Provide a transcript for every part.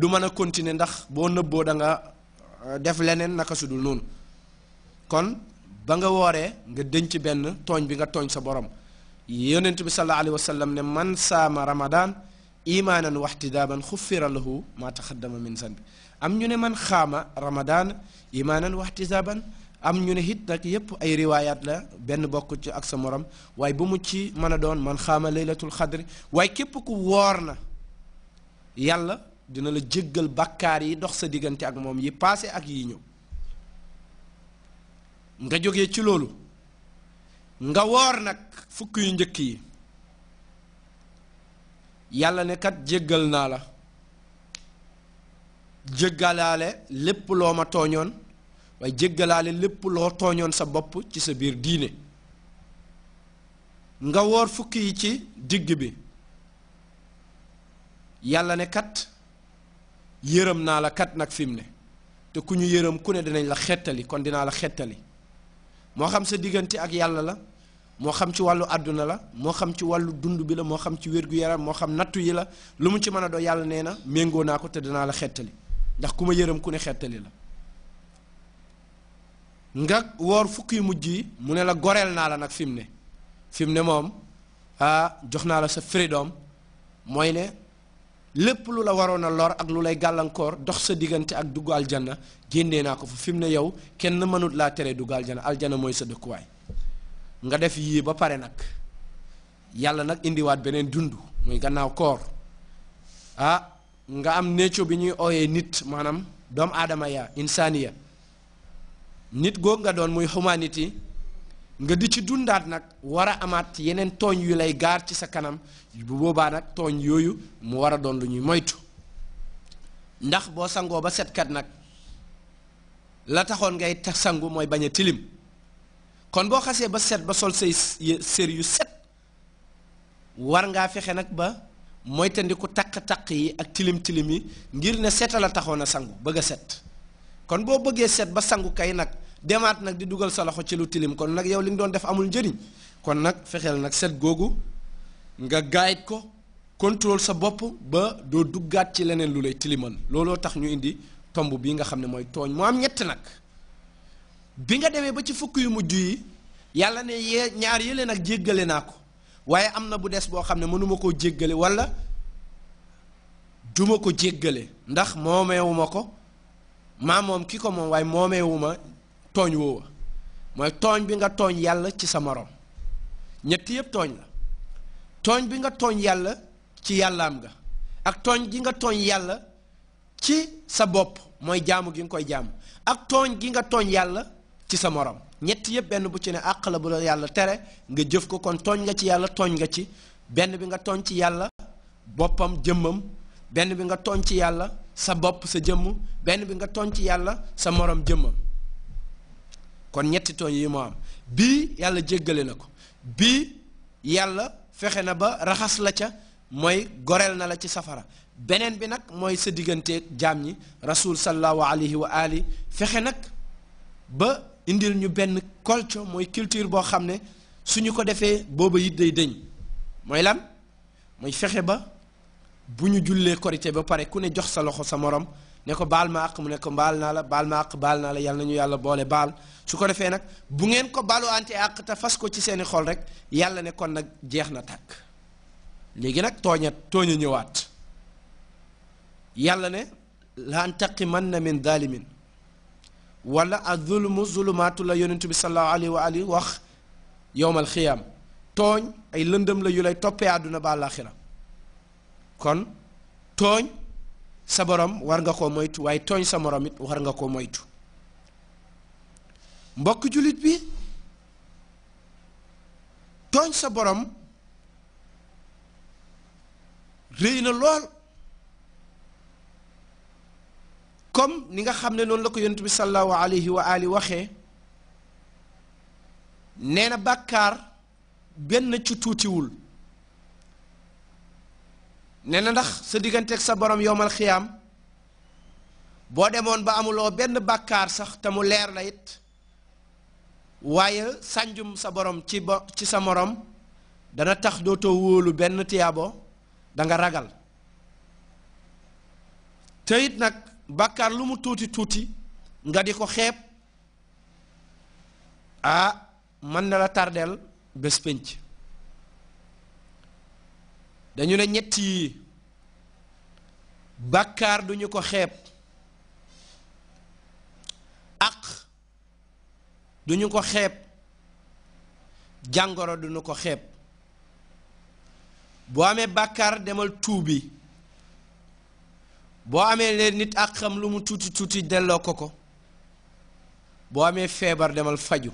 du mën a continuer ndax boo nëbboo da nga def leneen naka su dul noonu kon ba nga wooree nga denc benn tooñ bi nga tooñ sa borom yonent bi sallallahu alayhi wa sallam ne man saama ramadan imanan waxtidaaban xuffira lahu maa taxaddama min zanbi am ñu ne man xaama ramadan imanan waxtidaaban am ñu ne it nag yépp ay riwaayaat la benn bokk ci ak sa morom waaye bu mu ci mën a doon man xaama laylatul xadri waaye képp ku woor na yàlla dina la jéggal bàkkaar yi dox sa diggante ak moom yi paase ak yi ñëw nga jóge ci loolu nga woor nag fukk yu njëkk yi yàlla ne kat jéggal naa la jéggalaale lépp loo ma tooñoon waaye jéggalaale lépp loo tooñoon sa bopp ci sa biir diine nga woor fukk yi ci digg bi yàlla ne yërëm naa la kat nag fi mu ne te ku ñu yërëm ku ne dinañ la xettali kon dinaa la xettali moo xam sa diggante ak yàlla la moo xam ci wàllu àdduna la moo xam ci wàllu dund bi la moo xam ci wér-gu-yaram moo xam nattu yi la lu mu ci mën a doo yàlla nee na méngoo naa ko te dinaa la xettali ndax ku ma yërëm ku ne xettali la nga woor fukk mujj yi mu ne la goreel naa la nag fi mu ne fi mu ne moom ah jox naa la sa freedom mooy ne lépp lu la waroon a lor ak lu lay gàllankoor dox sa diggante ak dugg aljanna génnee naa ko fa fi mu ne yow kenn mënut laa tere dugg aljanna aljanna mooy sa dëkkuwaay nga def yii ba pare nag yàlla nag indiwaat beneen dund muy gannaaw koor ah nga am necco bi ñuy ooyee nit maanaam doomu aadama ya insaaniya nit goog nga doon muy humanité nga di ci dundaat nag war a amaat yeneen tooñ yu lay gaar ci sa kanam bu boobaa nag tooñ yooyu mu war a doon lu ñuy moytu ndax boo sangoo ba setkat nag la taxoon ngay sangu mooy bañ a tilim kon boo xasee ba set ba sol say sér yu set war ngaa fexe nag ba moytandiku taq-taq yi ak tilim-tilim yi ngir ne seta a taxoon a sangu bëgg set kon boo bëggee set ba sangu kay nag demaat nag di dugal sa loxo ci lu tilim kon nag yow li nga doon def amul njëriñ kon nag fexeel nag set googu nga gaayit ko contrôle sa bopp ba doo duggaat ci leneen lu lay tilimal looloo tax ñu indi tomb bi nga xam ne mooy tooñ mu am ñett nag bi nga demee ba ci fukk yu mujj yi yàlla ne ñaar yële nag jéggale naa ko waaye am na bu des boo xam ne mënuma koo jéggale wala juma ko jéggale ndax moomeewuma ko maa moom ki ko moom waaye moomeewuma tooñ woowa mooy tooñ bi nga tooñ yàlla ci sa moroom ñett yépp tooñ la tooñ bi nga tooñ yàlla ci yàllaam nga ak tooñ gi nga tooñ yàlla ci sa bopp mooy jaamu gi nga koy jaamu ak tooñ gi nga tooñ yàlla ci sa moroom ñett yépp benn bu ci ne àq la bu la yàlla tere nga jëf ko kon tooñ nga ci yàlla tooñ nga ci benn bi nga tooñ ci yàlla boppam jëmmam benn bi nga tooñ ci yàlla sa bopp sa jëmm benn bi nga tooñ ci yàlla sa moroom jëmmam kon ñetti toñ yi mo am bi yàlla jéggale nako bi yàlla fexe na ba raxas la ca moy gorel na la ci safara benen bi nak moy sa digënté jaam ñi rasul sallahu alayhi wa ali fexe nak ba indil ñu ben culture moy culture bo xamné suñu ko défé booba it day dëñ moy lan moy fexe ba buñu jullé korité ba pare ku ne jox sa loxo sa morom neko bal ma ak mu neko bal na la bal ma ak bal na la yàlla nañu yàlla boole bal su ko defé nak bu ngeen ko balu anti ak ta fas ko ci seeni xol rek yàlla ne kon nak jeex na tak legi nak toña toña ñewat yàlla ne la antaqimanna min zalimin wala adh-dhulmu zulumaatu la yunus bi sallallahu alayhi wa alihi wax al-khiyam tooñ ay lëndëm la yulay topé aduna ba al-akhirah kon tooñ sa borom war nga koo moytu waaye tooñ sa morom it war nga koo moytu mbokk jullit bi tooñ sa borom réy na lool comme ni nga xam ne noonu la ko yonent bi sallallahu alayhi wa ali nee na bàkkaar benn ci tuutiwul nee ndax sa ak sa borom yowmal khiyam bo demone ba amulo ben bakar sax te mu leer la it waye sanjum sa borom ci ci sa morom dana tax doto wolu ben tiyaabo da nga ragal teyit nak bakar bàkkaar lu mu tuuti tuuti nga diko xeb a ah, man la tardel bespench dañu ne ñett yi bàkkaar duñu ko xeeb aq duñu ko xeeb jàngoro duñu ko xeeb boo amee bàkkaar demal tuubi boo amee leen nit ak xam lu mu tuuti tuuti delloo ko ko boo amee feebar demal faju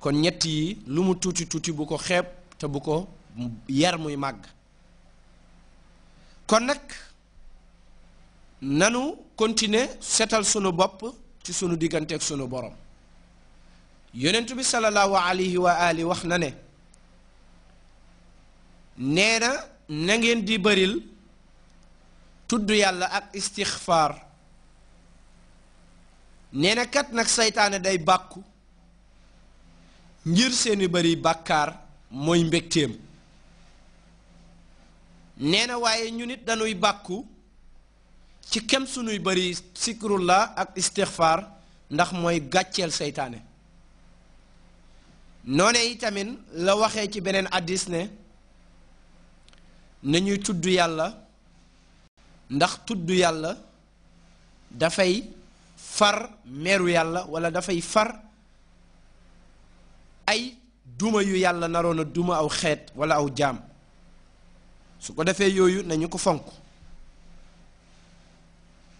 kon ñett yi lu mu tuuti tuuti bu ko xeeb te bu ko yar muy màgg kon nag nanu continuer setal sunu bopp ci sunu digganteeg sunu borom yonentu bi sallallahu alayhi wax na ne nee na na ngeen di baril tudd yàlla ak istixfaar nee na kat nag seytaane day bàkku ngir seeni bëri bàkkaar mooy mbégteem nee na waaye ñu nit dañuy bàkku ci kem sunuy bëri sikrullaa ak istixfaar ndax mooy gàcceel seytaane noone itamit la waxee ci beneen addis ne nañuy tudd yàlla ndax tudd yàlla dafay far meeru yàlla wala dafay far ay duma yu yàlla naroon a duma aw xeet wala aw jaam su ko defee yooyu nañu ko fonk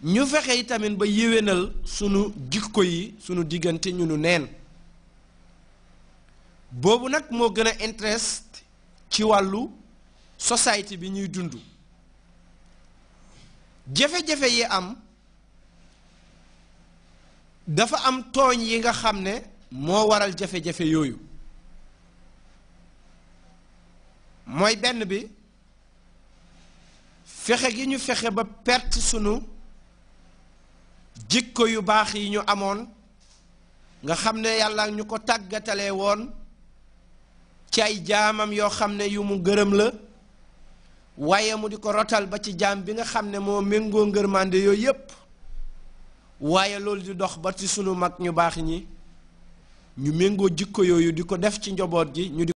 ñu fexe tamit ba yéwénal sunu jikko yi sunu diggante ñu nu neen boobu nag moo gën a interest ci wàllu société bi ñuy dund jafe-jafe yi am dafa am tooñ yi nga xam ne moo waral jafe-jafe yooyu mooy benn bi fexe gi ñu fexe ba perte sunu jikko yu bax yi ñu amone nga xam yalla ñu ko tagatalé won ci ay jaamam yo yu mu gëreem la waye mu diko rotal ba ci jaam bi nga xam mo mengo méngoo ngërmande yooyu yépp di dox ba ci sunu mag ñu bax ñi ñu mengo jikko yooyu di def ci njobot gi ñu